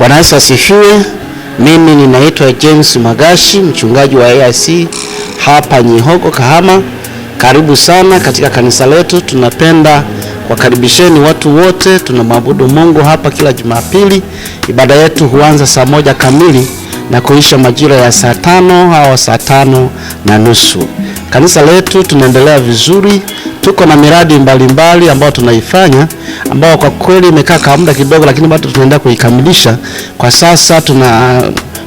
Bwana Yesu asifiwe. Mimi ninaitwa James Magashi, mchungaji wa AIC hapa Nyihogo, Kahama. Karibu sana katika kanisa letu, tunapenda wakaribisheni watu wote. Tunamwabudu Mungu hapa kila Jumapili. Ibada yetu huanza saa moja kamili na kuisha majira ya saa tano au saa tano na nusu. Kanisa letu tunaendelea vizuri, tuko na miradi mbalimbali ambayo tunaifanya ambayo kwa kweli imekaa kwa muda kidogo, lakini bado tunaendelea kuikamilisha. Kwa sasa tuna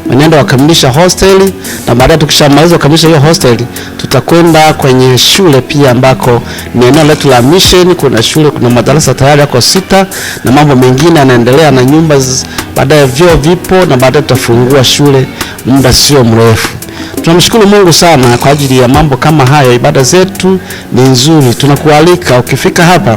mwenendo wa kukamilisha hosteli na baadaye tukishamaliza kukamilisha hiyo hosteli tutakwenda kwenye shule pia, ambako ni eneo letu la mission. Kuna shule, kuna madarasa tayari yako sita na mambo mengine yanaendelea, na nyumba baadaye, vyoo vipo, na baadaye tutafungua shule muda sio mrefu. Tunamshukuru Mungu sana kwa ajili ya mambo kama haya. Ibada zetu ni nzuri, tunakualika ukifika hapa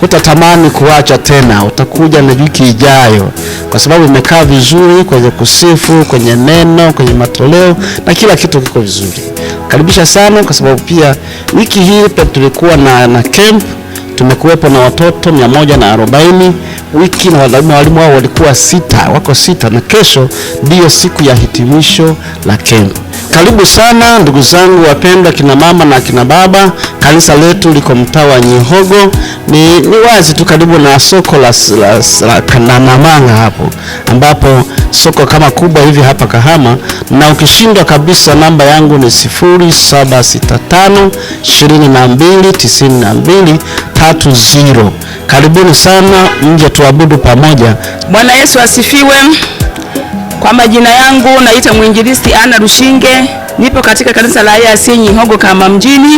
hutatamani kuacha tena, utakuja na wiki ijayo, kwa sababu imekaa vizuri kwenye kusifu, kwenye neno, kwenye matoleo na kila kitu kiko vizuri. Karibisha sana, kwa sababu pia wiki hii pia tulikuwa na, na camp tumekuwepo na watoto mia na arobaini wiki na walimu wao walikuwa sita, wako sita, na kesho ndiyo siku ya hitimisho la camp. Karibu sana ndugu zangu wapendwa, kina mama na kina baba. Kanisa letu liko mtaa wa Nyihogo, ni, ni wazi tu karibu na soko la, la, la Kanamanga hapo, ambapo soko kama kubwa hivi hapa Kahama. Na ukishindwa kabisa, namba yangu ni 0765 22 92 Karibuni sana, mje tuabudu pamoja. Bwana Yesu asifiwe. Kwa majina yangu naita mwinjilisti Ana Rushinge, nipo katika kanisa la EAC Nyihogo kama mjini,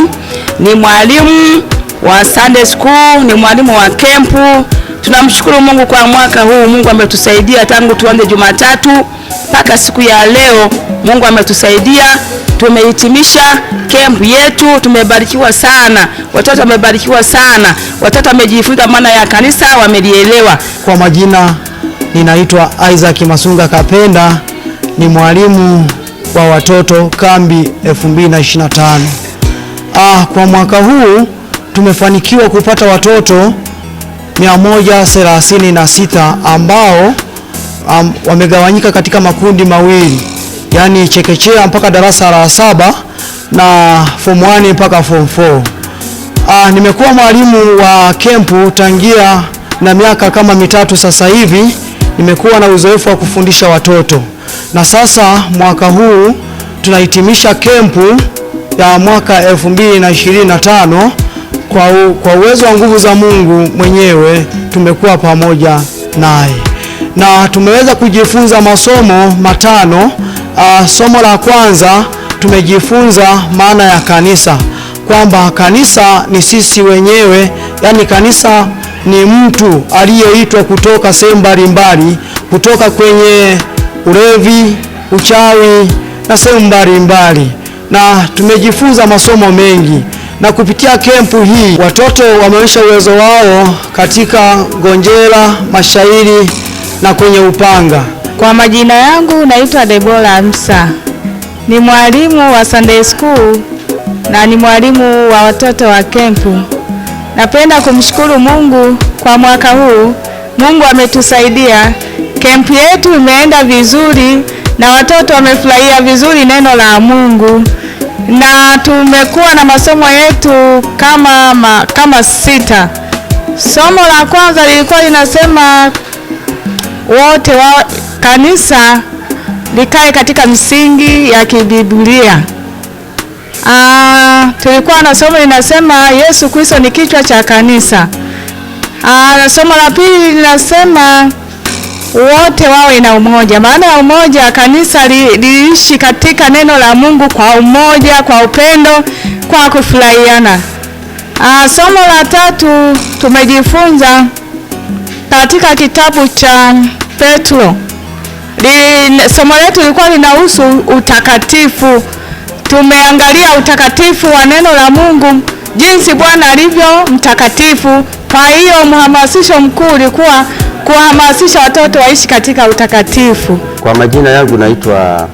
ni mwalimu wa Sunday school, ni mwalimu wa kempu. Tunamshukuru Mungu kwa mwaka huu, Mungu ametusaidia tangu tuanze Jumatatu mpaka siku ya leo, Mungu ametusaidia tumehitimisha kempu yetu, tumebarikiwa sana, watoto wamebarikiwa sana, watoto wamejifunza maana ya kanisa, wamelielewa. Kwa majina Ninaitwa Isaac Masunga Kapenda, ni mwalimu wa watoto kambi 2025. Ah, kwa mwaka huu tumefanikiwa kupata watoto 136 ambao um, wamegawanyika katika makundi mawili, yaani chekechea mpaka darasa la saba na form 1 mpaka form 4. Ah, nimekuwa mwalimu wa kempu tangia na miaka kama mitatu sasa hivi nimekuwa na uzoefu wa kufundisha watoto, na sasa mwaka huu tunahitimisha kempu ya mwaka 2025 kwa, u, kwa uwezo wa nguvu za Mungu mwenyewe tumekuwa pamoja naye na tumeweza kujifunza masomo matano. Uh, somo la kwanza tumejifunza maana ya kanisa, kwamba kanisa ni sisi wenyewe, yani kanisa ni mtu aliyeitwa kutoka sehemu mbalimbali, kutoka kwenye ulevi, uchawi na sehemu mbalimbali, na tumejifunza masomo mengi na kupitia kempu hii watoto wameonyesha uwezo wao katika ngonjera, mashairi na kwenye upanga. Kwa majina yangu naitwa Debora Msa, ni mwalimu wa Sunday School na ni mwalimu wa watoto wa kempu. Napenda kumshukuru Mungu kwa mwaka huu. Mungu ametusaidia, kempu yetu imeenda vizuri na watoto wamefurahia vizuri neno la Mungu, na tumekuwa na masomo yetu kama, ma, kama sita. Somo la kwanza lilikuwa linasema wote wa kanisa likae katika msingi ya kibiblia. Ah, tulikuwa na somo linasema Yesu Kristo ni kichwa cha kanisa. Ah, na somo la pili linasema wote wawe na umoja. Maana ya umoja, kanisa liishi katika neno la Mungu kwa umoja, kwa upendo, kwa kufurahiana. Ah, somo la tatu tumejifunza katika kitabu cha Petro. Somo letu lilikuwa linahusu utakatifu Tumeangalia utakatifu wa neno la Mungu, jinsi Bwana alivyo mtakatifu. Kwa hiyo mhamasisho mkuu ulikuwa kuhamasisha watoto waishi katika utakatifu. Kwa majina yangu naitwa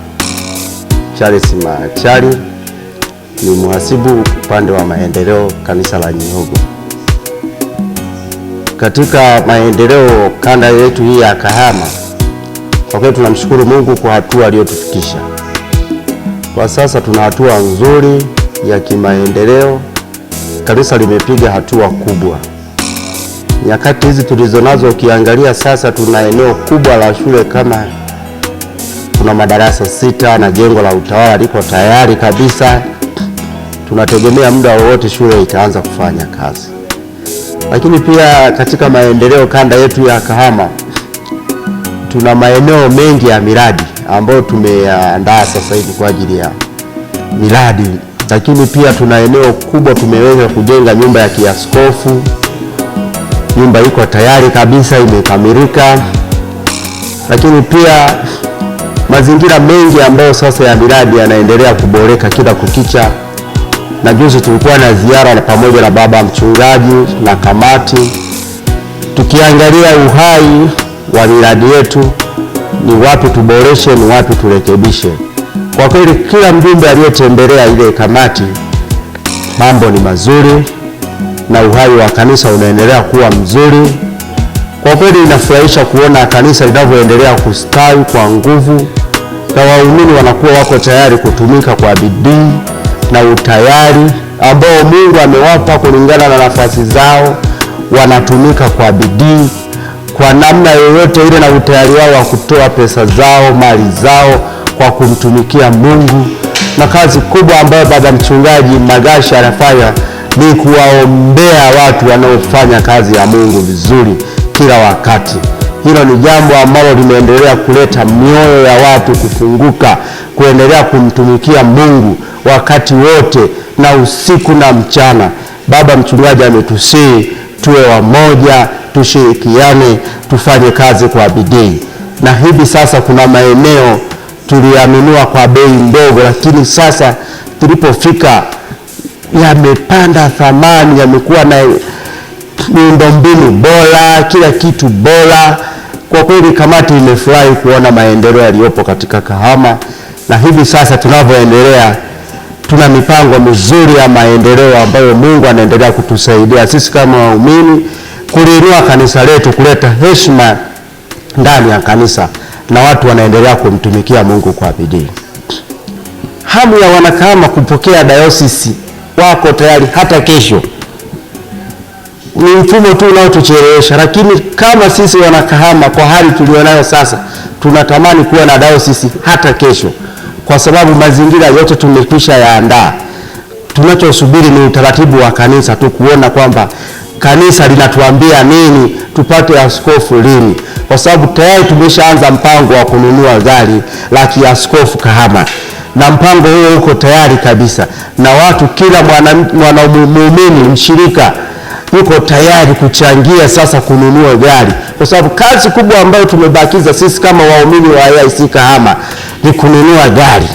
Charles machari ni mhasibu upande wa maendeleo kanisa la Nyihogo. Katika maendeleo kanda yetu hii ya Kahama, kwa kweli tunamshukuru Mungu kwa hatua aliyotufikisha kwa sasa tuna hatua nzuri ya kimaendeleo, kanisa limepiga hatua kubwa. Nyakati hizi tulizonazo, ukiangalia sasa tuna eneo kubwa la shule kama tuna madarasa sita na jengo la utawala liko tayari kabisa. Tunategemea muda wowote shule itaanza kufanya kazi. Lakini pia katika maendeleo kanda yetu ya Kahama tuna maeneo mengi ya miradi ambayo tumeandaa sasa hivi kwa ajili ya miradi, lakini pia tuna eneo kubwa tumeweza kujenga nyumba ya kiaskofu. Nyumba iko tayari kabisa, imekamilika, lakini pia mazingira mengi ambayo sasa ya miradi yanaendelea kuboreka kila kukicha, na juzi tulikuwa na ziara na pamoja na baba mchungaji na kamati tukiangalia uhai wa miradi yetu ni wapi tuboreshe, ni wapi turekebishe. Kwa kweli kila mjumbe aliyetembelea ile kamati, mambo ni mazuri na uhai wa kanisa unaendelea kuwa mzuri. Kwa kweli inafurahisha kuona kanisa linavyoendelea kustawi kwa nguvu na waumini wanakuwa wako tayari kutumika kwa bidii na utayari ambao Mungu amewapa kulingana na nafasi zao, wanatumika kwa bidii kwa namna yoyote ile na utayari wao wa kutoa pesa zao, mali zao kwa kumtumikia Mungu, na kazi kubwa ambayo baba mchungaji Magashi anafanya ni kuwaombea watu wanaofanya kazi ya Mungu vizuri kila wakati. Hilo ni jambo ambalo limeendelea kuleta mioyo ya watu kufunguka, kuendelea kumtumikia Mungu wakati wote na usiku na mchana. Baba mchungaji ametusii tuwe wamoja, tushirikiane, tufanye kazi kwa bidii. Na hivi sasa kuna maeneo tuliyanunua kwa bei ndogo, lakini sasa tulipofika yamepanda thamani, yamekuwa na miundombinu bora, kila kitu bora. Kwa kweli kamati imefurahi kuona maendeleo yaliyopo katika Kahama, na hivi sasa tunavyoendelea tuna mipango mizuri ya maendeleo ambayo Mungu anaendelea kutusaidia sisi kama waumini kuliinua kanisa letu, kuleta heshima ndani ya kanisa, na watu wanaendelea kumtumikia Mungu kwa bidii. Hamu ya wanakahama kupokea dayosisi wako tayari hata kesho. Ni mfumo tu unaotuchelewesha, lakini kama sisi wanakahama kwa hali tulionayo sasa, tunatamani kuwa na dayosisi hata kesho kwa sababu mazingira yote tumekwisha yaandaa. Tunachosubiri ni utaratibu wa kanisa tu kuona kwamba kanisa linatuambia nini, tupate askofu lini, kwa sababu tayari tumeshaanza mpango wa kununua gari la kiaskofu Kahama na mpango huo uko tayari kabisa, na watu kila mwanamuumini mshirika yuko tayari kuchangia sasa kununua gari, kwa sababu kazi kubwa ambayo tumebakiza sisi kama waumini wa AIC Kahama ni kununua gari,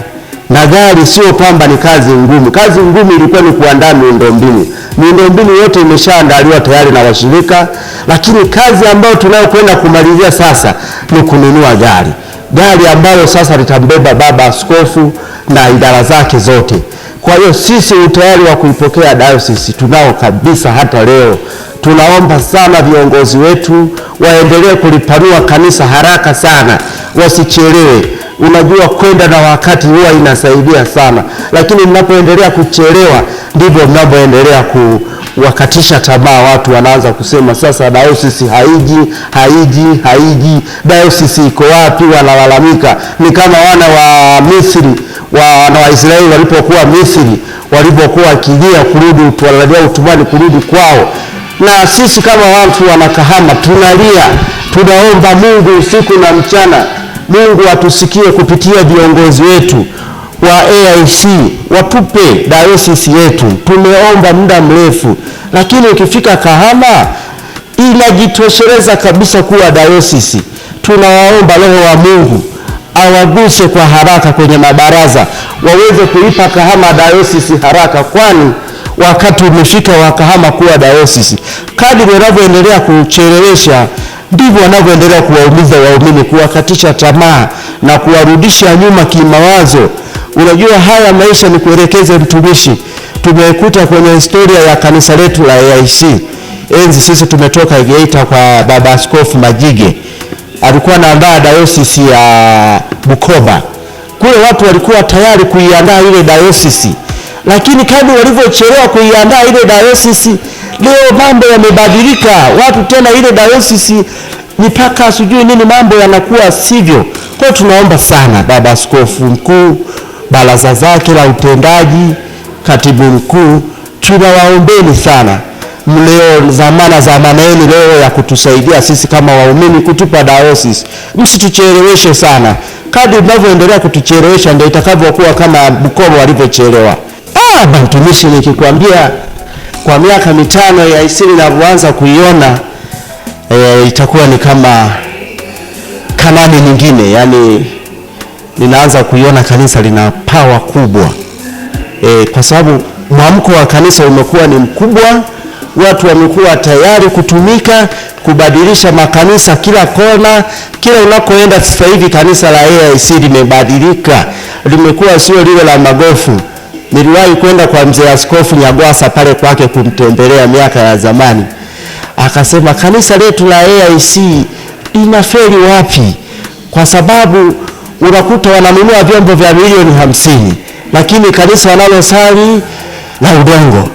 na gari sio kwamba ni kazi ngumu. Kazi ngumu ilikuwa ni kuandaa miundombinu. Miundombinu yote imeshaandaliwa tayari na washirika, lakini kazi ambayo tunayokwenda kumalizia sasa ni kununua gari, gari ambayo sasa litambeba baba askofu na idara zake zote. Kwa hiyo sisi utayari wa kuipokea dayosisi tunao kabisa. Hata leo tunaomba sana viongozi wetu waendelee kulipanua kanisa haraka sana, wasichelewe. Unajua, kwenda na wakati huwa inasaidia sana, lakini mnapoendelea kuchelewa ndivyo mnapoendelea kuwakatisha tamaa watu. Wanaanza kusema sasa, dayosisi haiji, haiji, haiji, dayosisi iko wapi? Wanalalamika. Ni kama wana wa Misri wana wa Israeli walipokuwa Misri, walipokuwa wakilia kurudi, wanalia utumani kurudi kwao na sisi kama watu wanakahama tunalia, tunaomba Mungu usiku na mchana. Mungu atusikie kupitia viongozi wetu wa AIC, watupe dayosisi yetu. Tumeomba muda mrefu, lakini ukifika Kahama inajitosheleza kabisa kuwa dayosisi. Tunawaomba Roho wa Mungu awaguse kwa haraka kwenye mabaraza waweze kuipa Kahama dayosisi haraka, kwani wakati umefika wa Kahama kuwa dayosisi. Kadri wanavyoendelea kuchelewesha ndivyo wanavyoendelea kuwaumiza waumini, kuwakatisha tamaa na kuwarudisha nyuma kimawazo. Unajua, haya maisha ni kuelekeze mtumishi, tumekuta kwenye historia ya kanisa letu la AIC. Enzi sisi tumetoka Geita kwa baba askofu Majige, alikuwa anaandaa dayosisi ya Bukoba kule, watu walikuwa tayari kuiandaa ile dayosisi, lakini kadri walivyochelewa kuiandaa ile dayosisi Leo mambo yamebadilika, watu tena ile dayosisi mipaka sijui nini, mambo yanakuwa sivyo. Kwa hiyo tunaomba sana baba askofu mkuu, baraza zake la utendaji, katibu mkuu, tunawaombeni sana mleo zamana za yenu leo ya kutusaidia sisi kama waumini kutupa dayosisi, msitucheleweshe sana. Kadri mnavyoendelea kutuchelewesha ndio itakavyokuwa kama Bukoba walivyochelewa. Ah, mtumishi, nikikwambia kwa miaka mitano ya Isili inavyoanza kuiona e, itakuwa ni kama Kanani nyingine, yani ninaanza kuiona kanisa lina pawa kubwa e, kwa sababu mwamko wa kanisa umekuwa ni mkubwa, watu wamekuwa tayari kutumika kubadilisha makanisa kila kona, kila unakoenda. Sasa hivi kanisa la AIC limebadilika, limekuwa sio lile la magofu. Niliwahi kwenda kwa mzee Askofu Nyagwasa pale kwake kumtembelea miaka ya zamani, akasema kanisa letu la AIC feri wapi? Kwa sababu unakuta wananunua vyombo vya milioni hamsini, lakini kanisa wanalosali la udongo.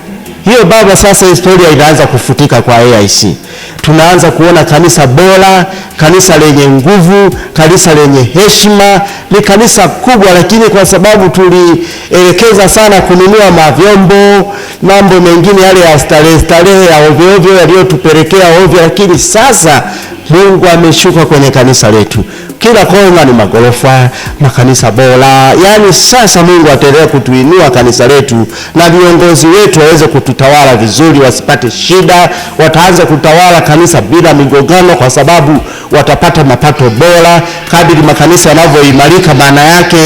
Hiyo baba, sasa historia inaanza kufutika kwa AIC. Tunaanza kuona kanisa bora, kanisa lenye nguvu, kanisa lenye heshima. Ni kanisa kubwa, lakini kwa sababu tulielekeza sana kununua mavyombo, mambo mengine yale ya starehe starehe ya ovyo ovyo yaliyotupelekea ovyo, lakini sasa Mungu ameshuka kwenye kanisa letu. Kila konga ni magorofa, makanisa bora. Yaani sasa Mungu ataendelea kutuinua kanisa letu na viongozi wetu waweze kututawala vizuri, wasipate shida, wataanza kutawala kanisa bila migogano kwa sababu watapata mapato bora. Kadiri makanisa yanavyoimarika, maana yake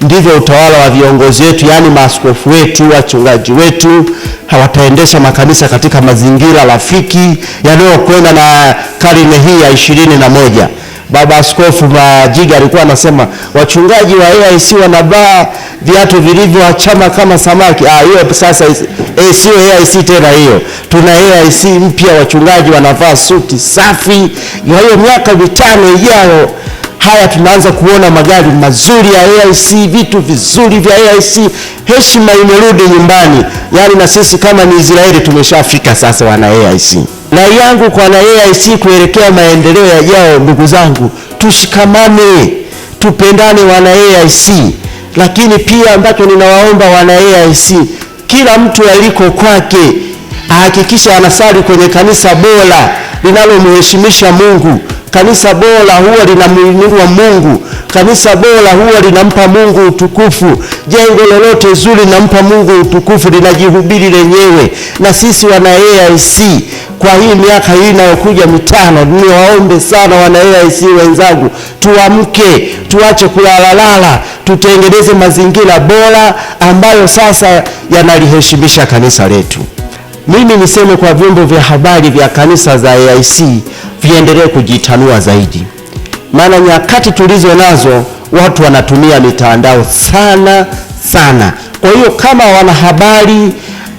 ndivyo utawala wa viongozi wetu, yaani maaskofu wetu, wachungaji wetu hawataendesha makanisa katika mazingira rafiki yanayokwenda na karne hii ya ishirini na moja. Baba Askofu Majiga alikuwa anasema wachungaji wa AIC wanavaa viatu vilivyoachama kama samaki. Ah, hiyo sasa eh, sio AIC tena, hiyo tuna AIC mpya, wachungaji wanavaa suti safi. Kwa hiyo miaka mitano ijayo haya tunaanza kuona magari mazuri ya AIC, vitu vizuri vya AIC, heshima imerudi nyumbani yani na sisi kama ni Israeli tumeshafika sasa, wana AIC. Rai yangu kwa wana AIC kuelekea maendeleo yajao, ndugu zangu, tushikamane, tupendane wana AIC. Lakini pia ambacho ninawaomba wana AIC, kila mtu aliko kwake ahakikishe anasali kwenye kanisa bora linalomheshimisha Mungu. Kanisa bora huwa linamuinua Mungu. Kanisa bora huwa linampa Mungu utukufu. Jengo lolote zuri linampa Mungu utukufu, linajihubiri lenyewe. Na sisi wana AIC kwa hii miaka hii inayokuja mitano, niwaombe sana wana AIC wenzangu, tuamke, tuache kulalalala, tutengeneze mazingira bora ambayo sasa yanaliheshimisha kanisa letu. Mimi niseme kwa vyombo vya habari vya kanisa za AIC viendelee kujitanua zaidi, maana nyakati tulizo nazo watu wanatumia mitandao sana sana. Kwa hiyo kama wanahabari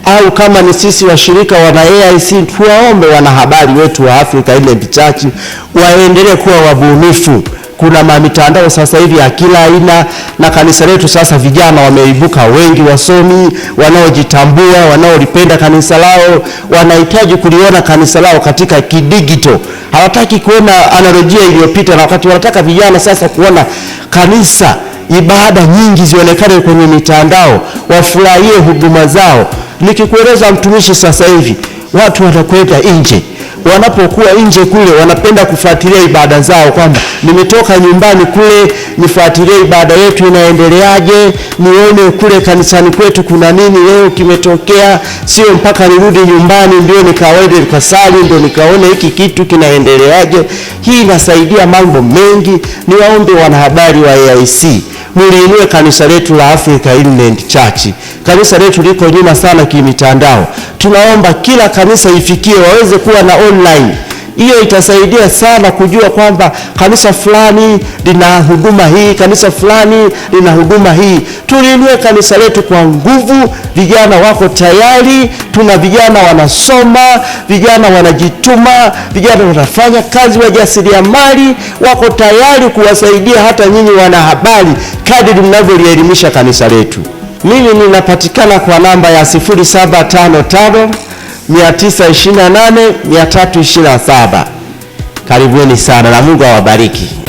au kama ni sisi washirika wana AIC, tuwaombe wanahabari wetu wa afrika ile vichache waendelee kuwa wabunifu kuna mamitandao sasa hivi ya kila aina, na kanisa letu sasa vijana wameibuka wengi, wasomi wanaojitambua, wanaolipenda kanisa lao, wanahitaji kuliona kanisa lao katika kidigito. Hawataki kuona analojia iliyopita na wakati, wanataka vijana sasa kuona kanisa, ibada nyingi zionekane kwenye mitandao, wafurahie huduma zao. Nikikueleza mtumishi, sasa hivi watu wanakwenda nje wanapokuwa nje kule wanapenda kufuatilia ibada zao, kwamba nimetoka nyumbani kule nifuatilie ibada yetu inaendeleaje, nione kule kanisani kwetu kuna nini leo kimetokea, sio mpaka nirudi nyumbani ndio nikaende nikasali ndio nikaone hiki kitu kinaendeleaje. Hii inasaidia mambo mengi. Niwaombe wanahabari wa AIC mliinue kanisa letu la Africa Inland Church. Kanisa letu liko nyuma sana kimitandao, tunaomba kila kanisa ifikie waweze kuwa na online hiyo itasaidia sana kujua kwamba kanisa fulani lina huduma hii, kanisa fulani lina huduma hii. Tulinue kanisa letu kwa nguvu, vijana wako tayari, tuna vijana wanasoma, vijana wanajituma, vijana wanafanya kazi, wajasiriamali wako tayari kuwasaidia hata nyinyi wanahabari, kadiri mnavyolielimisha kanisa letu. Mimi ninapatikana kwa namba ya 0755 928 327. Karibuni sana na Mungu awabariki.